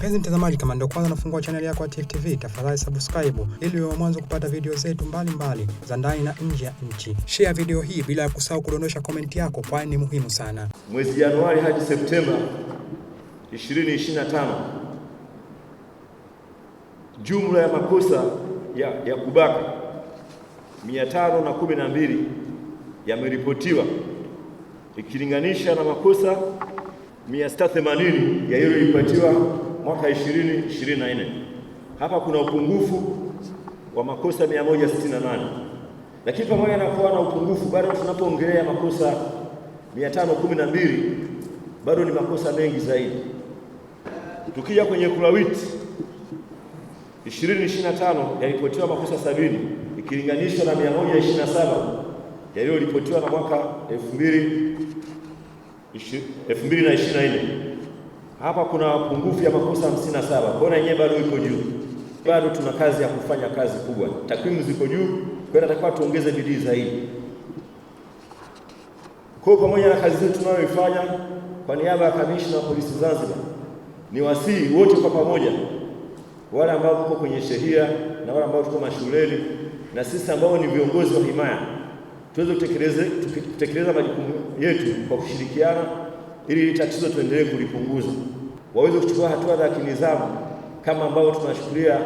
Mpenzi mtazamaji, kama ndio kwanza nafungua chaneli yako ya Tifu TV, tafadhali subscribe ili uwe mwanzo kupata video zetu mbalimbali za ndani na nje ya nchi. Share video hii bila ya kusahau kudondosha komenti yako, kwani ni muhimu sana. Mwezi Januari hadi Septemba 2025 jumla ya makosa ya, ya kubaka 512 yameripotiwa ikilinganisha na makosa 680 yaliyoripotiwa mwaka 2024. Hapa kuna upungufu wa makosa 168, lakini pamoja na kuwa na upungufu bado tunapoongelea makosa 512 bado ni makosa mengi zaidi. Tukija kwenye kulawiti 2025 yalipotiwa makosa sabini ikilinganishwa na 127 yaliyoripotiwa na mwaka 2024. Hapa kuna pungufu ya makosa 57. Kwa hiyo yenyewe bado iko juu, bado tuna kazi ya kufanya, kazi kubwa. Takwimu ziko juu, kwa hiyo natakiwa tuongeze bidii zaidi. Kwa pamoja na kazi zetu tunayoifanya, kwa niaba ya kamishna wa polisi Zanzibar, ni wasii wote kwa pamoja, wale ambao tuko kwenye shehia na wale ambao tuko mashuleni na sisi ambao ni viongozi wa himaya, tuweze kutekeleza majukumu yetu kwa kushirikiana ili tatizo tuendelee kulipunguza, waweze kuchukua hatua za kinidhamu kama ambavyo tunashukulia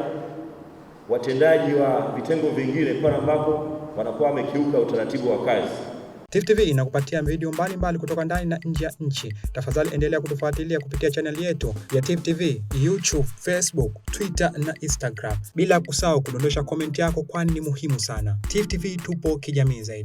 watendaji wa vitengo vingine pale ambapo wanakuwa wamekiuka utaratibu wa kazi. Tifu TV inakupatia video mbalimbali kutoka ndani na nje ya nchi. Tafadhali endelea kutufuatilia kupitia chaneli yetu ya Tifu TV, YouTube, Facebook, Twitter na Instagram, bila kusahau kudondosha komenti yako, kwani ni muhimu sana. Tifu TV tupo kijamii zaidi.